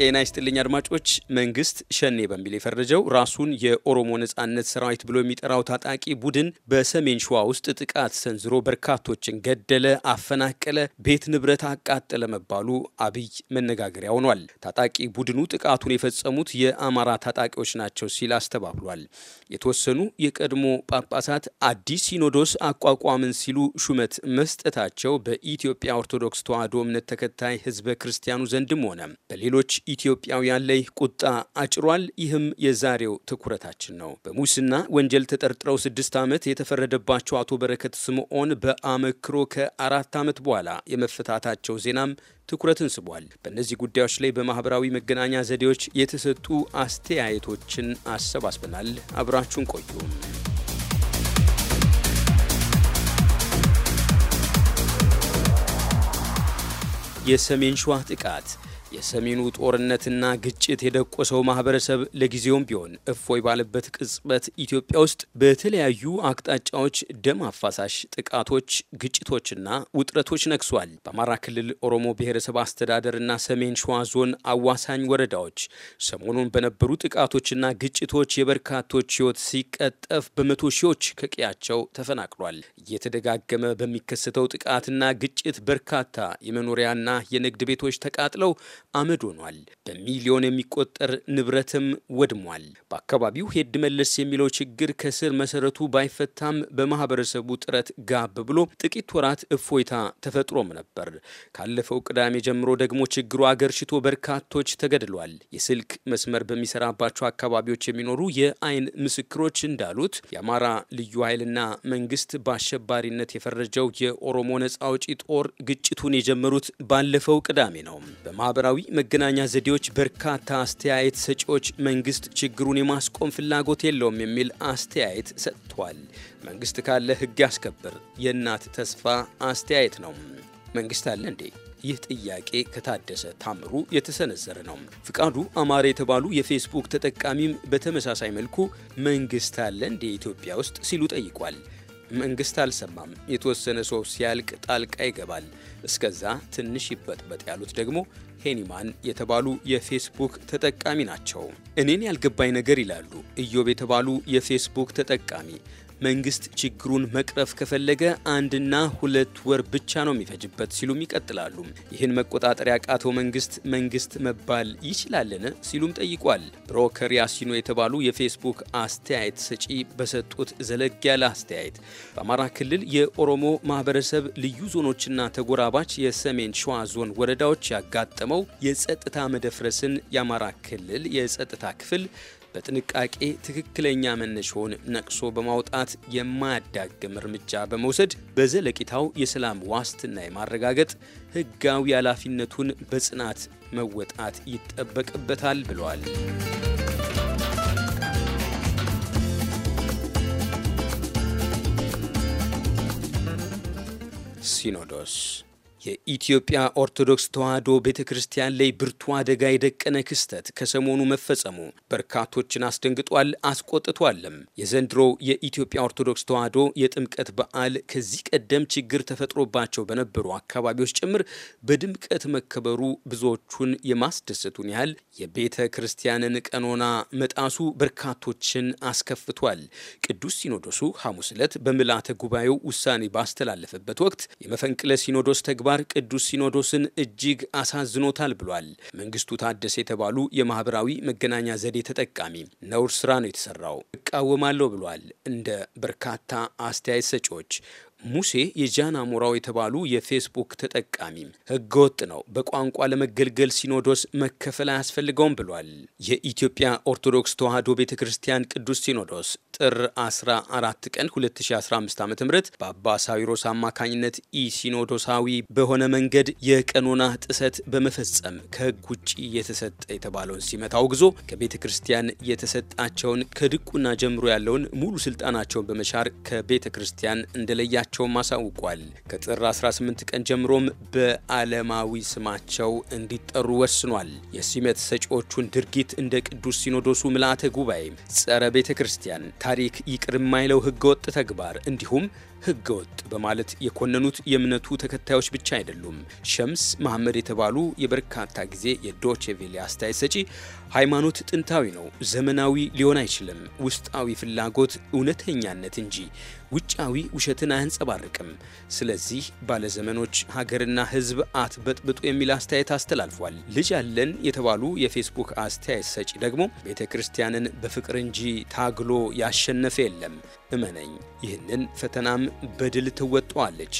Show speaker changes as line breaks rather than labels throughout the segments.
ጤና ይስጥልኝ አድማጮች። መንግስት ሸኔ በሚል የፈረጀው ራሱን የኦሮሞ ነጻነት ሰራዊት ብሎ የሚጠራው ታጣቂ ቡድን በሰሜን ሸዋ ውስጥ ጥቃት ሰንዝሮ በርካቶችን ገደለ፣ አፈናቀለ፣ ቤት ንብረት አቃጠለ መባሉ አብይ መነጋገሪያ ሆኗል። ታጣቂ ቡድኑ ጥቃቱን የፈጸሙት የአማራ ታጣቂዎች ናቸው ሲል አስተባብሏል። የተወሰኑ የቀድሞ ጳጳሳት አዲስ ሲኖዶስ አቋቋምን ሲሉ ሹመት መስጠታቸው በኢትዮጵያ ኦርቶዶክስ ተዋሕዶ እምነት ተከታይ ህዝበ ክርስቲያኑ ዘንድም ሆነ በሌሎች ኢትዮጵያውያን ላይ ቁጣ አጭሯል። ይህም የዛሬው ትኩረታችን ነው። በሙስና ወንጀል ተጠርጥረው ስድስት ዓመት የተፈረደባቸው አቶ በረከት ስምዖን በአመክሮ ከአራት ዓመት በኋላ የመፈታታቸው ዜናም ትኩረትን ስቧል። በእነዚህ ጉዳዮች ላይ በማህበራዊ መገናኛ ዘዴዎች የተሰጡ አስተያየቶችን አሰባስበናል። አብራችሁን ቆዩ። የሰሜን ሸዋ ጥቃት የሰሜኑ ጦርነትና ግጭት የደቆሰው ማህበረሰብ ለጊዜውም ቢሆን እፎይ ባለበት ቅጽበት ኢትዮጵያ ውስጥ በተለያዩ አቅጣጫዎች ደም አፋሳሽ ጥቃቶች፣ ግጭቶችና ውጥረቶች ነግሷል። በአማራ ክልል ኦሮሞ ብሔረሰብ አስተዳደርና ሰሜን ሸዋ ዞን አዋሳኝ ወረዳዎች ሰሞኑን በነበሩ ጥቃቶችና ግጭቶች የበርካቶች ሕይወት ሲቀጠፍ በመቶ ሺዎች ከቀያቸው ተፈናቅሏል። እየተደጋገመ በሚከሰተው ጥቃትና ግጭት በርካታ የመኖሪያና የንግድ ቤቶች ተቃጥለው አመድ ሆኗል። በሚሊዮን የሚቆጠር ንብረትም ወድሟል። በአካባቢው ሄድ መለስ የሚለው ችግር ከስር መሰረቱ ባይፈታም በማህበረሰቡ ጥረት ጋብ ብሎ ጥቂት ወራት እፎይታ ተፈጥሮም ነበር። ካለፈው ቅዳሜ ጀምሮ ደግሞ ችግሩ አገርሽቶ በርካቶች ተገድሏል። የስልክ መስመር በሚሰራባቸው አካባቢዎች የሚኖሩ የአይን ምስክሮች እንዳሉት የአማራ ልዩ ኃይልና መንግስት በአሸባሪነት የፈረጀው የኦሮሞ ነጻ አውጪ ጦር ግጭቱን የጀመሩት ባለፈው ቅዳሜ ነው። በማህበራ ማህበራዊ መገናኛ ዘዴዎች በርካታ አስተያየት ሰጪዎች መንግስት ችግሩን የማስቆም ፍላጎት የለውም የሚል አስተያየት ሰጥቷል። መንግስት ካለ ህግ ያስከብር የእናት ተስፋ አስተያየት ነው። መንግስት አለ እንዴ? ይህ ጥያቄ ከታደሰ ታምሩ የተሰነዘረ ነው። ፍቃዱ አማረ የተባሉ የፌስቡክ ተጠቃሚም በተመሳሳይ መልኩ መንግስት አለ እንዴ ኢትዮጵያ ውስጥ ሲሉ ጠይቋል። መንግስት አልሰማም። የተወሰነ ሰው ሲያልቅ ጣልቃ ይገባል። እስከዛ ትንሽ ይበጥበጥ ያሉት ደግሞ ሄኒማን የተባሉ የፌስቡክ ተጠቃሚ ናቸው። እኔን ያልገባኝ ነገር ይላሉ ኢዮብ የተባሉ የፌስቡክ ተጠቃሚ መንግስት ችግሩን መቅረፍ ከፈለገ አንድና ሁለት ወር ብቻ ነው የሚፈጅበት ሲሉም ይቀጥላሉ። ይህን መቆጣጠር ያቃተው መንግስት መንግስት መባል ይችላልን ሲሉም ጠይቋል። ብሮከር ያሲኖ የተባሉ የፌስቡክ አስተያየት ሰጪ በሰጡት ዘለግ ያለ አስተያየት በአማራ ክልል የኦሮሞ ማህበረሰብ ልዩ ዞኖችና ተጎራባች የሰሜን ሸዋ ዞን ወረዳዎች ያጋጠመው የጸጥታ መደፍረስን የአማራ ክልል የጸጥታ ክፍል በጥንቃቄ ትክክለኛ መነሻውን ነቅሶ በማውጣት የማያዳግም እርምጃ በመውሰድ በዘለቂታው የሰላም ዋስትና የማረጋገጥ ሕጋዊ ኃላፊነቱን በጽናት መወጣት ይጠበቅበታል ብለዋል። ሲኖዶስ የኢትዮጵያ ኦርቶዶክስ ተዋሕዶ ቤተ ክርስቲያን ላይ ብርቱ አደጋ የደቀነ ክስተት ከሰሞኑ መፈጸሙ በርካቶችን አስደንግጧል፣ አስቆጥቷልም። የዘንድሮው የኢትዮጵያ ኦርቶዶክስ ተዋሕዶ የጥምቀት በዓል ከዚህ ቀደም ችግር ተፈጥሮባቸው በነበሩ አካባቢዎች ጭምር በድምቀት መከበሩ ብዙዎቹን የማስደሰቱን ያህል የቤተ ክርስቲያንን ቀኖና መጣሱ በርካቶችን አስከፍቷል። ቅዱስ ሲኖዶሱ ሐሙስ ዕለት በምልዓተ ጉባኤው ውሳኔ ባስተላለፈበት ወቅት የመፈንቅለ ሲኖዶስ ተግባ ተግባር ቅዱስ ሲኖዶስን እጅግ አሳዝኖታል ብሏል። መንግስቱ ታደሰ የተባሉ የማህበራዊ መገናኛ ዘዴ ተጠቃሚ ነውር ስራ ነው የተሰራው እቃወማለሁ ብሏል። እንደ በርካታ አስተያየት ሰጪዎች ሙሴ የጃና ሞራው የተባሉ የፌስቡክ ተጠቃሚም ህገወጥ ነው፣ በቋንቋ ለመገልገል ሲኖዶስ መከፈል አያስፈልገውም ብሏል። የኢትዮጵያ ኦርቶዶክስ ተዋህዶ ቤተ ክርስቲያን ቅዱስ ሲኖዶስ ጥር 14 ቀን 2015 ዓ ም በአባ ሳዊሮስ አማካኝነት ኢሲኖዶሳዊ በሆነ መንገድ የቀኖና ጥሰት በመፈጸም ከህግ ውጭ የተሰጠ የተባለውን ሲመታ አውግዞ ከቤተ ክርስቲያን የተሰጣቸውን ከድቁና ጀምሮ ያለውን ሙሉ ስልጣናቸውን በመሻር ከቤተ ክርስቲያን እንደለያቸው መሆናቸውም አሳውቋል። ከጥር 18 ቀን ጀምሮም በዓለማዊ ስማቸው እንዲጠሩ ወስኗል። የሲመት ሰጪዎቹን ድርጊት እንደ ቅዱስ ሲኖዶሱ ምልአተ ጉባኤ፣ ጸረ ቤተ ክርስቲያን፣ ታሪክ ይቅር የማይለው ህገወጥ ተግባር እንዲሁም ህገወጥ በማለት የኮነኑት የእምነቱ ተከታዮች ብቻ አይደሉም። ሸምስ መሐመድ የተባሉ የበርካታ ጊዜ የዶቼቬሌ አስተያየት ሰጪ ሃይማኖት ጥንታዊ ነው፣ ዘመናዊ ሊሆን አይችልም። ውስጣዊ ፍላጎት እውነተኛነት እንጂ ውጫዊ ውሸትን አያንጸባርቅም። ስለዚህ ባለዘመኖች ሀገርና ህዝብ አትበጥብጡ የሚል አስተያየት አስተላልፏል። ልጅ አለን የተባሉ የፌስቡክ አስተያየት ሰጪ ደግሞ ቤተ ክርስቲያንን በፍቅር እንጂ ታግሎ ያሸነፈ የለም እመነኝ፣ ይህንን ፈተናም በድል ትወጣዋለች።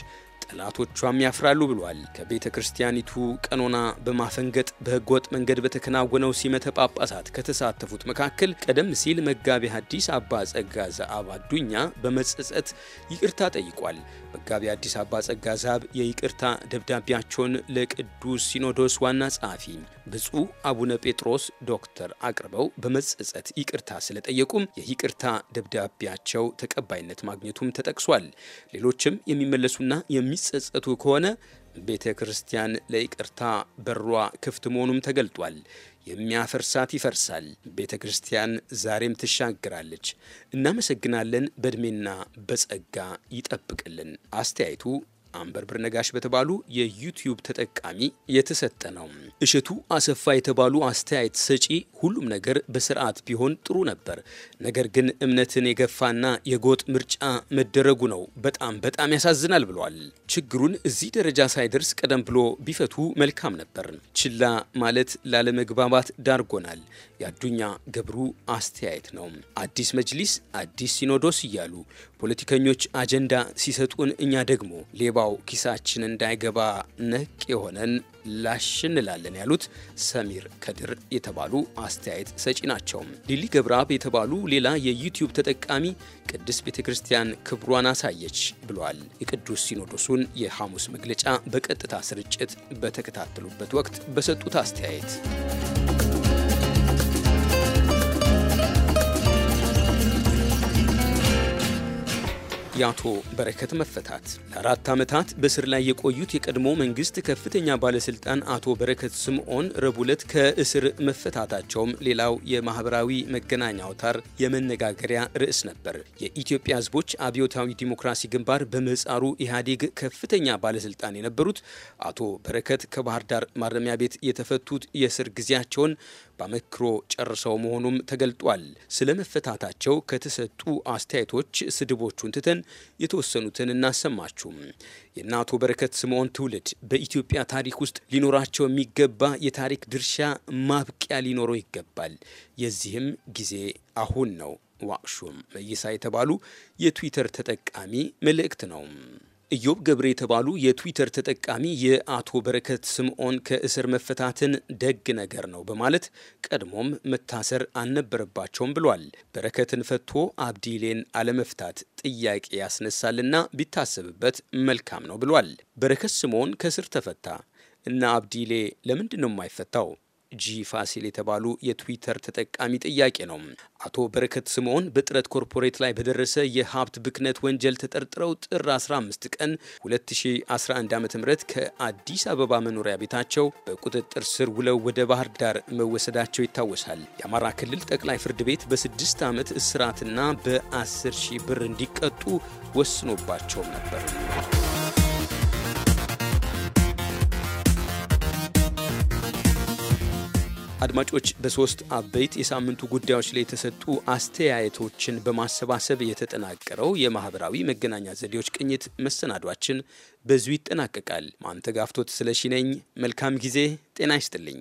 ጠላቶቿም ያፍራሉ ብሏል። ከቤተ ክርስቲያኒቱ ቀኖና በማፈንገጥ በህገወጥ መንገድ በተከናወነው ሲመተ ጳጳሳት ከተሳተፉት መካከል ቀደም ሲል መጋቢ ሐዲስ አባ ጸጋ ዘአብ አዱኛ በመጸጸት ይቅርታ ጠይቋል። መጋቢ ሐዲስ አባ ጸጋ ዘአብ የይቅርታ ደብዳቤያቸውን ለቅዱስ ሲኖዶስ ዋና ጸሐፊ ብፁዕ አቡነ ጴጥሮስ ዶክተር አቅርበው በመጸጸት ይቅርታ ስለጠየቁም የይቅርታ ደብዳቤያቸው ተቀባይነት ማግኘቱም ተጠቅሷል። ሌሎችም የሚመለሱና የሚ የሚጸጸቱ ከሆነ ቤተ ክርስቲያን ለይቅርታ በሯ ክፍት መሆኑም ተገልጧል። የሚያፈርሳት ይፈርሳል። ቤተ ክርስቲያን ዛሬም ትሻግራለች። እናመሰግናለን። በእድሜና በጸጋ ይጠብቅልን። አስተያየቱ አንበርብር ነጋሽ በተባሉ የዩቲዩብ ተጠቃሚ የተሰጠ ነው። እሸቱ አሰፋ የተባሉ አስተያየት ሰጪ ሁሉም ነገር በስርዓት ቢሆን ጥሩ ነበር፣ ነገር ግን እምነትን የገፋና የጎጥ ምርጫ መደረጉ ነው በጣም በጣም ያሳዝናል ብሏል። ችግሩን እዚህ ደረጃ ሳይደርስ ቀደም ብሎ ቢፈቱ መልካም ነበር። ችላ ማለት ላለመግባባት ዳርጎናል። የአዱኛ ገብሩ አስተያየት ነው። አዲስ መጅሊስ፣ አዲስ ሲኖዶስ እያሉ ፖለቲከኞች አጀንዳ ሲሰጡን እኛ ደግሞ ሌባ ወከባው ኪሳችን እንዳይገባ ነቅ የሆነን ላሽ እንላለን ያሉት ሰሚር ከድር የተባሉ አስተያየት ሰጪ ናቸው። ሊሊ ገብረአብ የተባሉ ሌላ የዩቲዩብ ተጠቃሚ ቅድስት ቤተ ክርስቲያን ክብሯን አሳየች ብሏል። የቅዱስ ሲኖዶሱን የሐሙስ መግለጫ በቀጥታ ስርጭት በተከታተሉበት ወቅት በሰጡት አስተያየት የአቶ በረከት መፈታት ለአራት ዓመታት በስር ላይ የቆዩት የቀድሞ መንግስት ከፍተኛ ባለስልጣን አቶ በረከት ስምዖን ረቡዕ ዕለት ከእስር መፈታታቸውም ሌላው የማህበራዊ መገናኛ አውታር የመነጋገሪያ ርዕስ ነበር። የኢትዮጵያ ሕዝቦች አብዮታዊ ዲሞክራሲ ግንባር በምህጻሩ ኢህአዴግ ከፍተኛ ባለስልጣን የነበሩት አቶ በረከት ከባህር ዳር ማረሚያ ቤት የተፈቱት የእስር ጊዜያቸውን በመክሮ ጨርሰው መሆኑም ተገልጧል። ስለ መፈታታቸው ከተሰጡ አስተያየቶች ስድቦቹን ትተን የተወሰኑትን እናሰማችሁም። የእነ አቶ በረከት ስምዖን ትውልድ በኢትዮጵያ ታሪክ ውስጥ ሊኖራቸው የሚገባ የታሪክ ድርሻ ማብቂያ ሊኖረው ይገባል። የዚህም ጊዜ አሁን ነው። ዋቅሹም መይሳ የተባሉ የትዊተር ተጠቃሚ መልእክት ነው። ኢዮብ ገብረ የተባሉ የትዊተር ተጠቃሚ የአቶ በረከት ስምዖን ከእስር መፈታትን ደግ ነገር ነው በማለት ቀድሞም መታሰር አልነበረባቸውም ብሏል። በረከትን ፈቶ አብዲሌን አለመፍታት ጥያቄ ያስነሳልና ቢታሰብበት መልካም ነው ብሏል። በረከት ስምዖን ከእስር ተፈታ እና አብዲሌ ለምንድን ነው የማይፈታው? ጂ ፋሲል የተባሉ የትዊተር ተጠቃሚ ጥያቄ ነው። አቶ በረከት ስምዖን በጥረት ኮርፖሬት ላይ በደረሰ የሀብት ብክነት ወንጀል ተጠርጥረው ጥር 15 ቀን 2011 ዓ ም ከአዲስ አበባ መኖሪያ ቤታቸው በቁጥጥር ስር ውለው ወደ ባህር ዳር መወሰዳቸው ይታወሳል። የአማራ ክልል ጠቅላይ ፍርድ ቤት በስድስት ዓመት እስራትና በ10 ሺህ ብር እንዲቀጡ ወስኖባቸውም ነበር። አድማጮች በሶስት አበይት የሳምንቱ ጉዳዮች ላይ የተሰጡ አስተያየቶችን በማሰባሰብ የተጠናቀረው የማህበራዊ መገናኛ ዘዴዎች ቅኝት መሰናዷችን በዚሁ ይጠናቀቃል። ማንተጋፍቶት ስለሺ ነኝ። መልካም ጊዜ። ጤና ይስጥልኝ።